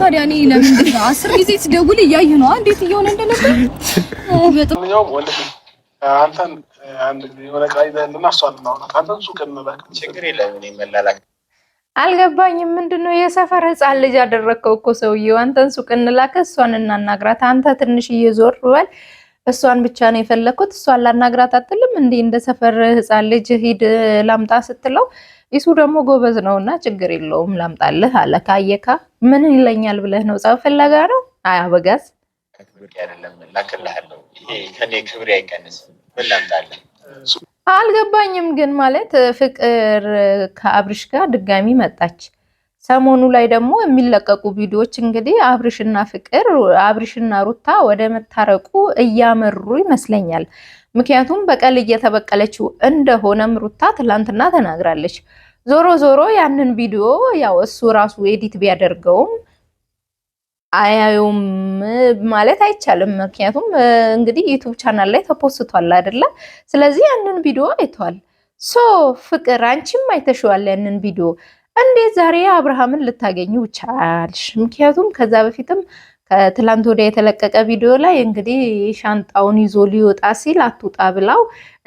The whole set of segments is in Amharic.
ታዲያ እኔ ለምንድን ነው አስር ጊዜ ስደውል እያየህ ነው እንዴት እየሆነ እንደነበር? አልገባኝም። ምንድን ነው የሰፈር ህፃን ልጅ አደረግከው እኮ ሰውዬው። አንተን ሱቅ እንላከ እሷን እናናግራት። አንተ ትንሽ እየዞር በል እሷን ብቻ ነው የፈለግኩት። እሷን ላናግራት አትልም እንዲህ እንደ ሰፈር ህፃን ልጅ ሂድ ላምጣ ስትለው ይሱ ደግሞ ጎበዝ ነው እና ችግር የለውም ላምጣልህ አለ። ካየካ ምን ይለኛል ብለህ ነው ጸብ ፍለጋ ነው? አይ አበጋዝ አልገባኝም። ግን ማለት ፍቅር ከአብርሽ ጋር ድጋሚ መጣች ሰሞኑ ላይ ደግሞ የሚለቀቁ ቪዲዮዎች እንግዲህ አብርሽና ፍቅር አብርሽና ሩታ ወደ መታረቁ እያመሩ ይመስለኛል። ምክንያቱም በቀል እየተበቀለችው እንደሆነም ሩታ ትላንትና ተናግራለች። ዞሮ ዞሮ ያንን ቪዲዮ ያው እሱ ራሱ ኤዲት ቢያደርገውም አያዩም ማለት አይቻልም። ምክንያቱም እንግዲህ ዩቱብ ቻናል ላይ ተፖስቷል አይደለ? ስለዚህ ያንን ቪዲዮ አይቷል። ሶ ፍቅር አንቺም አይተሽዋል ያንን ቪዲዮ እንዴት ዛሬ አብርሃምን ልታገኙ ቻልሽ? ምክንያቱም ከዛ በፊትም ከትላንት ወዲያ የተለቀቀ ቪዲዮ ላይ እንግዲህ ሻንጣውን ይዞ ሊወጣ ሲል አትውጣ ብላው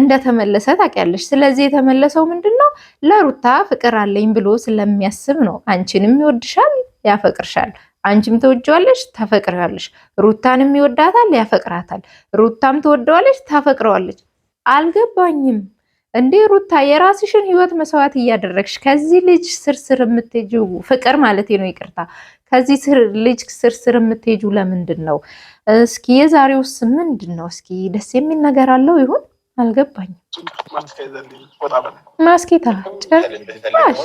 እንደተመለሰ ታውቂያለሽ። ስለዚህ የተመለሰው ምንድን ነው? ለሩታ ፍቅር አለኝ ብሎ ስለሚያስብ ነው። አንቺንም ይወድሻል፣ ያፈቅርሻል። አንቺም ትወጂዋለሽ፣ ተፈቅራለሽ። ሩታንም ይወዳታል፣ ያፈቅራታል። ሩታም ትወደዋለች፣ ታፈቅረዋለች። አልገባኝም እንዴ ሩታ የራስሽን ህይወት መስዋዕት እያደረግሽ ከዚህ ልጅ ስርስር የምትጁ ፍቅር ማለት ነው፣ ይቅርታ ከዚህ ልጅ ስርስር የምትጁ ለምንድን ነው? እስኪ የዛሬውስ ምንድን ነው? እስኪ ደስ የሚል ነገር አለው ይሁን አልገባኝም። ማስኬታ ጭራሽ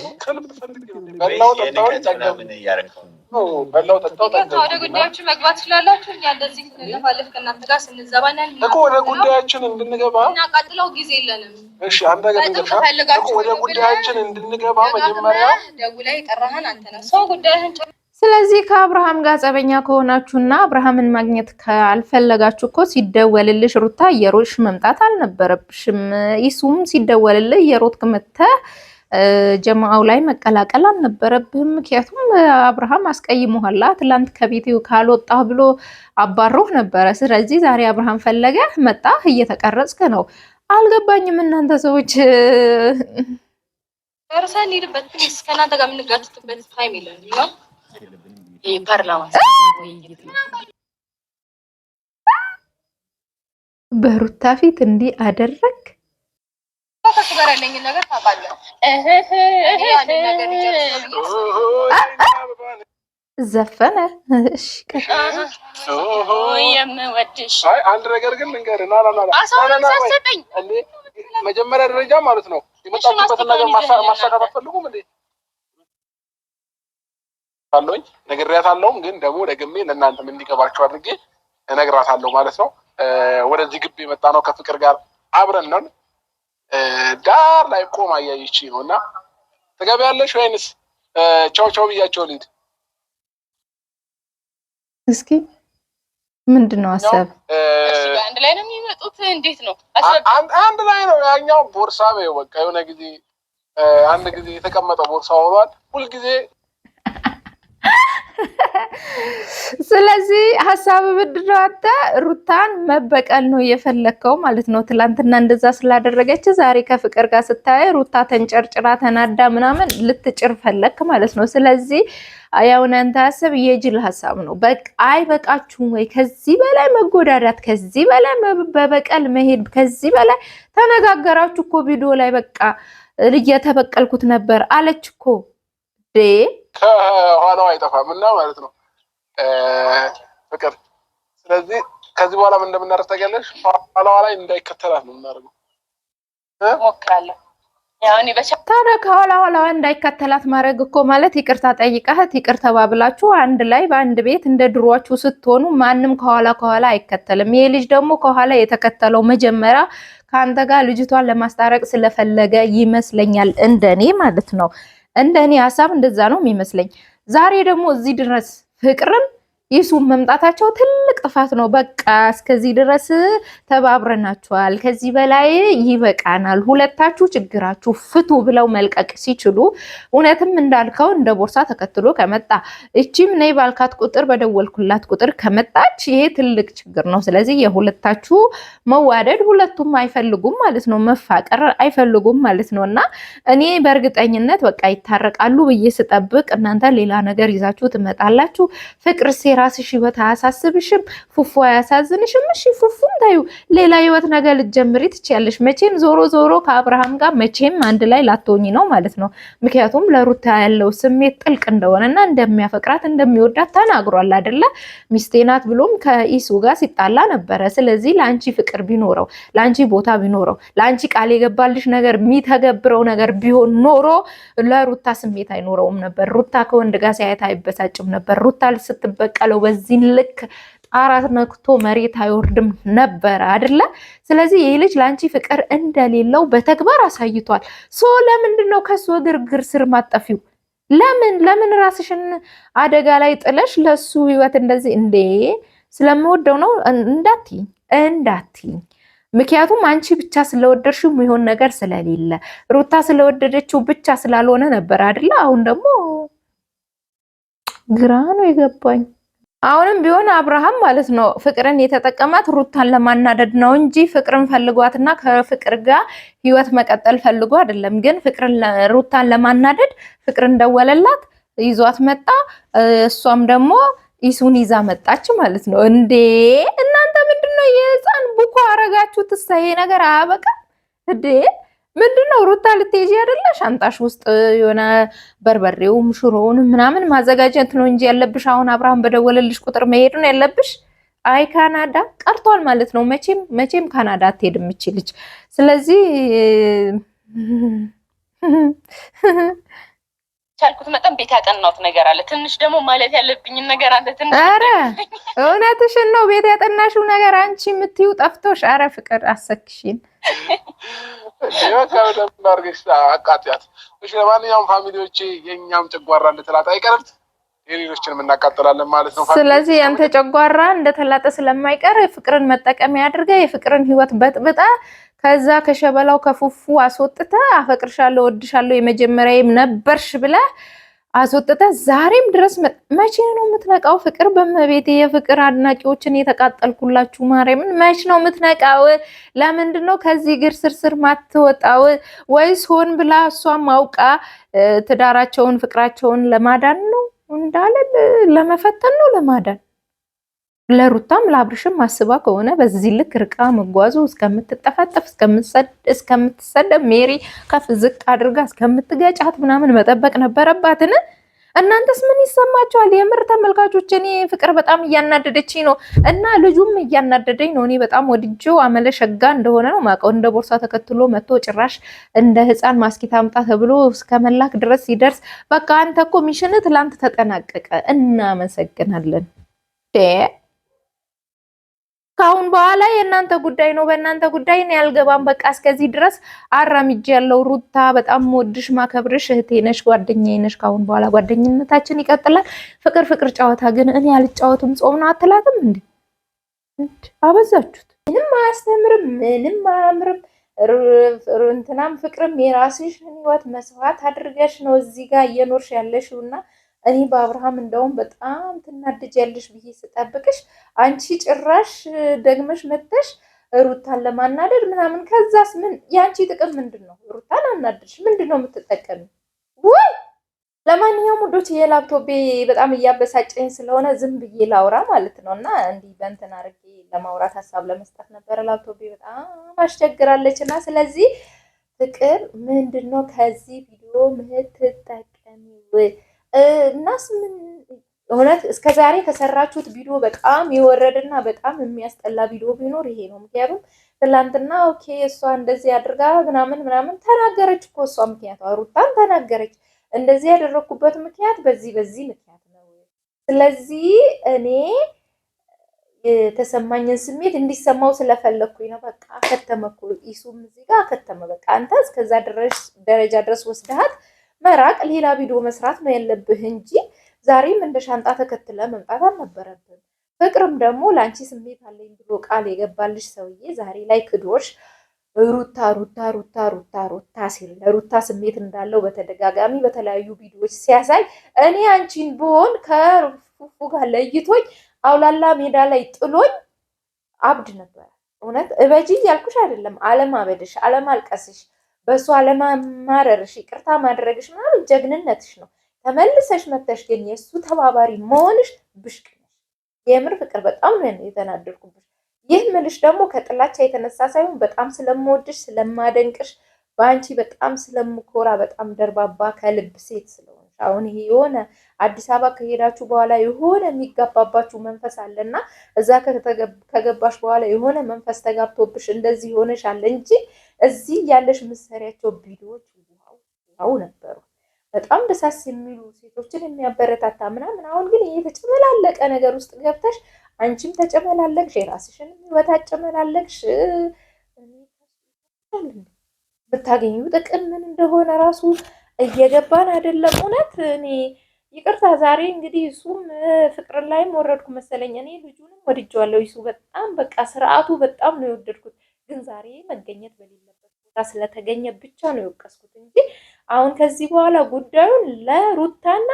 ወደ ጉዳያችን መግባት ትችላላችሁ። እኛ እንደዚህ ባለፍ ከእናንተ ጋር ስንዘባናል እኮ ወደ ጉዳያችን እንድንገባ ጊዜ የለንም። እሺ አንተ ወደ ጉዳያችን እንድንገባ መጀመሪያ ደውለህ የጠራህን አንተ ሰው ጉዳይህን ስለዚህ ከአብርሃም ጋር ጸበኛ ከሆናችሁና አብርሃምን ማግኘት ካልፈለጋችሁ እኮ ሲደወልልሽ ሩታ እየሮጥሽ መምጣት አልነበረብሽም። ይሱም ሲደወልልህ እየሮጥክ መተህ ጀማአው ላይ መቀላቀል አልነበረብህም። ምክንያቱም አብርሃም አስቀይሞሃል። ትላንት ከቤት ካልወጣ ብሎ አባሮህ ነበረ። ስለዚህ ዛሬ አብርሃም ፈለገ መጣ እየተቀረጽክ ነው። አልገባኝም እናንተ ሰዎች በሩታ ፊት እንዲህ አደረግ ጋር ያለኝን ነገር ታውቃለህ። ዘፈነ የምወድሽ አንድ ነገር ግን ልንገርህ፣ መጀመሪያ ደረጃ ማለት ነው የመጣችበትን ነገር ማሳካት አትፈልጉም እንዴ? አለኝ ነግሬያታለሁም፣ ግን ደግሞ ደግሜ ለእናንተም እንዲገባቸው አድርጌ እነግራታለሁ ማለት ነው። ወደዚህ ግቢ የመጣ ነው ከፍቅር ጋር አብረን ነን። ዳር ላይ ቆም አያይች ነው እና ትገቢያለሽ ወይንስ ቻው ቻው ብያቸው ልሂድ? እስኪ ምንድን ነው አሰብ፣ አንድ ላይ ነው የሚመጡት? እንዴት ነው? አንድ ላይ ነው ያኛው ቦርሳ በቃ የሆነ ጊዜ አንድ ጊዜ የተቀመጠ ቦርሳ ሆኗል ሁልጊዜ ስለዚህ ሀሳብ ብድር አንተ ሩታን መበቀል ነው እየፈለግከው ማለት ነው። ትላንትና እንደዛ ስላደረገች ዛሬ ከፍቅር ጋር ስታይ ሩታ ተንጨርጭራ ተናዳ ምናምን ልትጭር ፈለግክ ማለት ነው። ስለዚህ ያውን አንተ ሀሳብ የጅል ሀሳብ ነው። አይ በቃችሁም ወይ? ከዚህ በላይ መጎዳዳት፣ ከዚህ በላይ በበቀል መሄድ፣ ከዚህ በላይ ተነጋገራችሁ እኮ ቪዲዮ ላይ በቃ እየተበቀልኩት ነበር አለች እኮ ዴ ከኋላው አይጠፋም እና ማለት ነው ፍቅር። ስለዚህ ከዚህ በኋላ ምን እንደምናደርግ ታውቂያለሽ? ኋላዋ ላይ እንዳይከተላት ነው የምናደርገው። ታዲያ ከኋላ ኋላዋ እንዳይከተላት ማድረግ እኮ ማለት ይቅርታ ጠይቃት ይቅር ተባብላችሁ አንድ ላይ በአንድ ቤት እንደ ድሯችሁ ስትሆኑ ማንም ከኋላ ከኋላ አይከተልም። ይሄ ልጅ ደግሞ ከኋላ የተከተለው መጀመሪያ ከአንተ ጋር ልጅቷን ለማስታረቅ ስለፈለገ ይመስለኛል እንደኔ ማለት ነው። እንደ እኔ ሀሳብ እንደዛ ነው የሚመስለኝ። ዛሬ ደግሞ እዚህ ድረስ ፍቅርም ይሱ መምጣታቸው ትልቅ ጥፋት ነው። በቃ እስከዚህ ድረስ ተባብረናችኋል፣ ከዚህ በላይ ይበቃናል፣ ሁለታችሁ ችግራችሁ ፍቱ ብለው መልቀቅ ሲችሉ እውነትም እንዳልከው እንደ ቦርሳ ተከትሎ ከመጣ እቺም ነይ ባልካት ቁጥር በደወልኩላት ቁጥር ከመጣች ይሄ ትልቅ ችግር ነው። ስለዚህ የሁለታችሁ መዋደድ ሁለቱም አይፈልጉም ማለት ነው፣ መፋቀር አይፈልጉም ማለት ነው። እና እኔ በእርግጠኝነት በቃ ይታረቃሉ ብዬ ስጠብቅ እናንተ ሌላ ነገር ይዛችሁ ትመጣላችሁ ፍቅር የራስሽ ህይወት አያሳስብሽም፣ ፉፉ አያሳዝንሽም። እሺ ፉፉም ታዩ ሌላ ህይወት ነገር ልትጀምሪ ትችያለሽ። መቼም ዞሮ ዞሮ ከአብርሃም ጋር መቼም አንድ ላይ ላትሆኚ ነው ማለት ነው። ምክንያቱም ለሩታ ያለው ስሜት ጥልቅ እንደሆነና እንደሚያፈቅራት እንደሚወዳት ተናግሯል አደለ? ሚስቴ ናት ብሎም ከኢሱ ጋር ሲጣላ ነበረ። ስለዚህ ለአንቺ ፍቅር ቢኖረው ለአንቺ ቦታ ቢኖረው ለአንቺ ቃል የገባልሽ ነገር የሚተገብረው ነገር ቢሆን ኖሮ ለሩታ ስሜት አይኖረውም ነበር። ሩታ ከወንድ ጋር ሲያየት አይበሳጭም ነበር። ሩታ ስትበቀል የተሰቀለው በዚህን ልክ ጣራ ነክቶ መሬት አይወርድም ነበረ አደለ? ስለዚህ ይህ ልጅ ለአንቺ ፍቅር እንደሌለው በተግባር አሳይቷል። ሶ ለምንድን ነው ከሱ እግርግር ስር ማጠፊው? ለምን ለምን ራስሽን አደጋ ላይ ጥለሽ ለሱ ህይወት እንደዚህ እንዴ? ስለምወደው ነው እንዳትይኝ እንዳትይኝ ምክንያቱም አንቺ ብቻ ስለወደድሽው የሚሆን ነገር ስለሌለ ሩታ ስለወደደችው ብቻ ስላልሆነ ነበር አደለ? አሁን ደግሞ ግራ ነው የገባኝ። አሁንም ቢሆን አብርሃም ማለት ነው ፍቅርን የተጠቀማት ሩታን ለማናደድ ነው እንጂ ፍቅርን ፈልጓትና ከፍቅር ጋር ህይወት መቀጠል ፈልጎ አይደለም። ግን ፍቅርን ሩታን ለማናደድ ፍቅርን ደወለላት፣ ይዟት መጣ። እሷም ደግሞ ኢሱን ይዛ መጣች ማለት ነው። እንዴ እናንተ ምንድነው የህፃን ቡኮ አረጋችሁት? እሰይ ነገር አያበቃም እንዴ? ምንድን ነው ሩታ ልትሄጂ አይደለ? ሻንጣሽ ውስጥ የሆነ በርበሬውም ሽሮውንም ምናምን ማዘጋጀት ነው እንጂ ያለብሽ። አሁን አብርሃም በደወለልሽ ቁጥር መሄድ ነው ያለብሽ። አይ ካናዳ ቀርቷል ማለት ነው። መቼም መቼም ካናዳ አትሄድም እቺ ስለዚህ ቻልኩት መጠን ቤት ያጠናሁት ነገር አለ። ትንሽ ደግሞ ማለት ያለብኝን ነገር አለ። ትንሽ ኧረ እውነትሽን ነው። ቤት ያጠናሽው ነገር አንቺ የምትዩ ጠፍቶሽ። ኧረ ፍቅር አሰክሽን አድርገሽ አቃጥያት። እሺ፣ ለማንኛውም ፋሚሊዎቼ የእኛም ጨጓራ እንደተላጠ አይቀርም የሌሎችንም እናቃጥላለን ማለት ነው። ስለዚህ ያንተ ጨጓራ እንደተላጠ ስለማይቀር ፍቅርን መጠቀሚያ አድርገ የፍቅርን ህይወት በጥብጣ ከዛ ከሸበላው ከፉፉ አስወጥተ አፈቅርሻለሁ፣ ወድሻለሁ፣ የመጀመሪያዬም ነበርሽ ብለ አስወጥተ ዛሬም ድረስ መቼ ነው የምትነቃው? ፍቅር በመቤቴ የፍቅር አድናቂዎችን የተቃጠልኩላችሁ ማርያምን፣ መች ነው የምትነቃው? ለምንድን ነው ከዚህ ግር ስርስር ማትወጣው? ወይስ ሆን ብላ እሷ አውቃ ትዳራቸውን ፍቅራቸውን ለማዳን ነው እንዳለ ለመፈተን ነው ለማዳን ለሩታም ለአብርሽም አስባ ከሆነ በዚህ ልክ ርቃ መጓዙ እስከምትጠፈጠፍ እስከምትሰደብ ሜሪ ከፍ ዝቅ አድርጋ እስከምትገጫት ምናምን መጠበቅ ነበረባትን? እናንተስ ምን ይሰማችኋል? የምር ተመልካቾች፣ እኔ ፍቅር በጣም እያናደደችኝ ነው እና ልጁም እያናደደኝ ነው። እኔ በጣም ወድጄው አመለ ሸጋ እንደሆነ ነው ማቀው። እንደ ቦርሳ ተከትሎ መጥቶ ጭራሽ እንደ ሕፃን ማስኪታ አምጣ ተብሎ እስከ መላክ ድረስ ሲደርስ በቃ አንተ እኮ ሚሽን ትላንት ተጠናቀቀ። እናመሰግናለን። ከአሁን በኋላ የእናንተ ጉዳይ ነው። በእናንተ ጉዳይ እኔ ያልገባም። በቃ እስከዚህ ድረስ አራምጄ ያለው ሩታ በጣም ወድሽ ማከብርሽ እህቴ ነሽ፣ ጓደኛዬ ነሽ። ከአሁን በኋላ ጓደኝነታችን ይቀጥላል። ፍቅር ፍቅር፣ ጨዋታ ግን እኔ አልጫወትም። ጾም ነው አትላትም እንዴ? አበዛችሁት። ምንም አያስተምርም፣ ምንም አያምርም። እንትናም ፍቅርም የራስሽን ህይወት መስዋዕት አድርገሽ ነው እዚህ ጋር እየኖርሽ ያለሽው እና እኔ በአብርሃም እንደውም በጣም ትናድጃለሽ ብዬ ስጠብቅሽ አንቺ ጭራሽ ደግመሽ መጥተሽ ሩታን ለማናደድ ምናምን። ከዛስ ምን የአንቺ ጥቅም ምንድን ነው? ሩታን አናደድሽ ምንድን ነው የምትጠቀሚ? ወይ ለማንኛውም ውዶች የላፕቶፔ በጣም እያበሳጨኝ ስለሆነ ዝም ብዬ ላውራ ማለት ነው እና እንዲህ በእንትን አድርጌ ለማውራት ሀሳብ ለመስጠት ነበረ። ላፕቶፔ በጣም አስቸግራለች እና ስለዚህ ፍቅር ምንድን ነው ከዚህ ቪዲዮ ምትጠቀሚ? ወይ እናስ ምን እውነት እስከዛሬ ከሰራችሁት ቪዲዮ በጣም የወረደና በጣም የሚያስጠላ ቪዲዮ ቢኖር ይሄ ነው። ምክንያቱም ትላንትና ኦኬ እሷ እንደዚህ አድርጋ ምናምን ምናምን ተናገረች እኮ እሷ ምክንያቷ ሩታን ተናገረች። እንደዚህ ያደረግኩበት ምክንያት በዚህ በዚህ ምክንያት ነው። ስለዚህ እኔ የተሰማኝን ስሜት እንዲሰማው ስለፈለግኩኝ ነው። በቃ ከተመኩ፣ ኢሱም እዚህ ጋር ከተመ። በቃ አንተ እስከዛ ደረጃ ድረስ ወስደሃት መራቅ፣ ሌላ ቪዲዮ መስራት ነው ያለብህ እንጂ ዛሬም እንደ ሻንጣ ተከትለ መምጣት አልነበረብን። ፍቅርም ደግሞ ለአንቺ ስሜት አለኝ ብሎ ቃል የገባልሽ ሰውዬ ዛሬ ላይ ክዶሽ ሩታ ሩታ ሩታ ሩታ ሩታ ሲል ለሩታ ስሜት እንዳለው በተደጋጋሚ በተለያዩ ቪዲዮዎች ሲያሳይ እኔ አንቺን ብሆን ከፉፉ ጋር ለይቶኝ አውላላ ሜዳ ላይ ጥሎኝ አብድ ነበር። እውነት እበጂ ያልኩሽ አይደለም፣ አለማበድሽ፣ አለማልቀስሽ በእሷ ለማማረርሽ ይቅርታ ማድረግሽ ምናምን ጀግንነትሽ ነው። ተመልሰሽ መተሽ ግን የእሱ ተባባሪ መሆንሽ ብሽቅ ነሽ። የምር ፍቅር በጣም ነው የተናደድኩብሽ። ይህ ምልሽ ደግሞ ከጥላቻ የተነሳ ሳይሆን በጣም ስለምወድሽ ስለማደንቅሽ፣ በአንቺ በጣም ስለምኮራ፣ በጣም ደርባባ ከልብ ሴት ስለ አሁን ይሄ የሆነ አዲስ አበባ ከሄዳችሁ በኋላ የሆነ የሚጋባባችሁ መንፈስ አለና እዛ ከገባሽ በኋላ የሆነ መንፈስ ተጋብቶብሽ እንደዚህ ሆነሽ አለ እንጂ እዚህ ያለሽ የምትሰሪያቸው ቪዲዮዎች ዋው ነበሩ። በጣም ደሳስ የሚሉ ሴቶችን የሚያበረታታ ምናምን። አሁን ግን የተጨመላለቀ ነገር ውስጥ ገብተሽ አንቺም ተጨመላለቅሽ፣ የራስሽን ህይወት ጨመላለቅሽ። የምታገኙ ጥቅም ምን እንደሆነ ራሱ እየገባን አይደለም። እውነት እኔ ይቅርታ ዛሬ እንግዲህ እሱም ፍቅር ላይም ወረድኩ መሰለኝ። እኔ ልጁንም ወድጀዋለሁ። ይሱ በጣም በቃ ስርዓቱ በጣም ነው የወደድኩት፣ ግን ዛሬ መገኘት በሌለበት ቦታ ስለተገኘ ብቻ ነው የወቀስኩት እንጂ አሁን ከዚህ በኋላ ጉዳዩን ለሩታና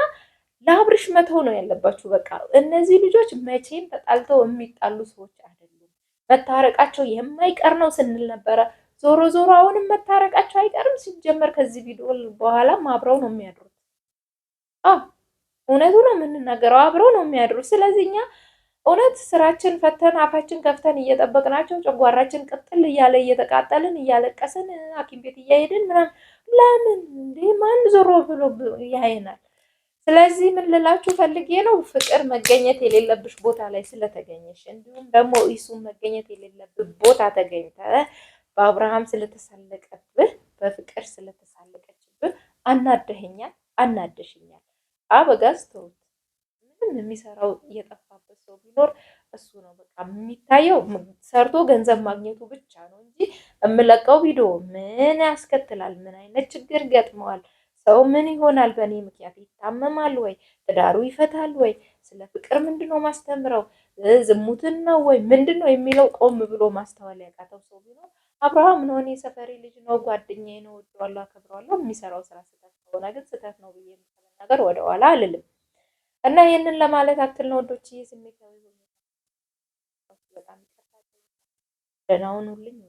ለአብርሽ መተው ነው ያለባችሁ። በቃ እነዚህ ልጆች መቼም ተጣልተው የሚጣሉ ሰዎች አይደሉም። መታረቃቸው የማይቀር ነው ስንል ነበረ። ዞሮ ዞሮ አሁንም መታረቃቸው አይቀርም። ሲጀመር ከዚህ ቪዲዮ በኋላም አብረው ነው የሚያድሩት። እውነቱ ነው የምንናገረው፣ አብረው ነው የሚያድሩት። ስለዚህ እኛ እውነት ስራችን ፈተን አፋችን ከፍተን እየጠበቅናቸው ጨጓራችን ቅጥል እያለ እየተቃጠልን እያለቀስን ሐኪም ቤት እያሄድን ምናምን ለምን እንዴ ማን ዞሮ ብሎ ያይናል ስለዚህ ምን ልላችሁ ፈልጌ ነው ፍቅር መገኘት የሌለብሽ ቦታ ላይ ስለተገኘሽ፣ እንዲሁም ደግሞ እሱም መገኘት የሌለብሽ ቦታ ተገኝተ በአብርሃም ስለተሳለቀብህ በፍቅር ስለተሳለቀችብህ አናደኸኛል፣ አናደሽኛል። አበጋዝ ተውት። ምንም የሚሰራው የጠፋበት ሰው ቢኖር እሱ ነው። በቃ የሚታየው ሰርቶ ገንዘብ ማግኘቱ ብቻ ነው እንጂ የምለቀው ቪዲዮ ምን ያስከትላል? ምን አይነት ችግር ገጥመዋል? ሰው ምን ይሆናል? በእኔ ምክንያት ይታመማል ወይ? ትዳሩ ይፈታል ወይ? ስለ ፍቅር ምንድን ነው ማስተምረው? ዝሙትን ነው ወይ ምንድን ነው የሚለው ቆም ብሎ ማስተዋል ያቃተው ሰው ቢኖር አብርሃም ነሆን የሰፈሬ ልጅ ነው፣ ጓደኛዬ ነው፣ ወደዋለሁ፣ አከብረዋለሁ። የሚሰራው ስራ ስህተት ከሆነ ግን ስህተት ነው ብዬ ነገር ወደኋላ አልልም እና ይህንን ለማለት አክል ነው ወዶች፣ ይህ ስሜታዊ ሆ በጣም ይቀርታል። ደህና ሁኑልኝ።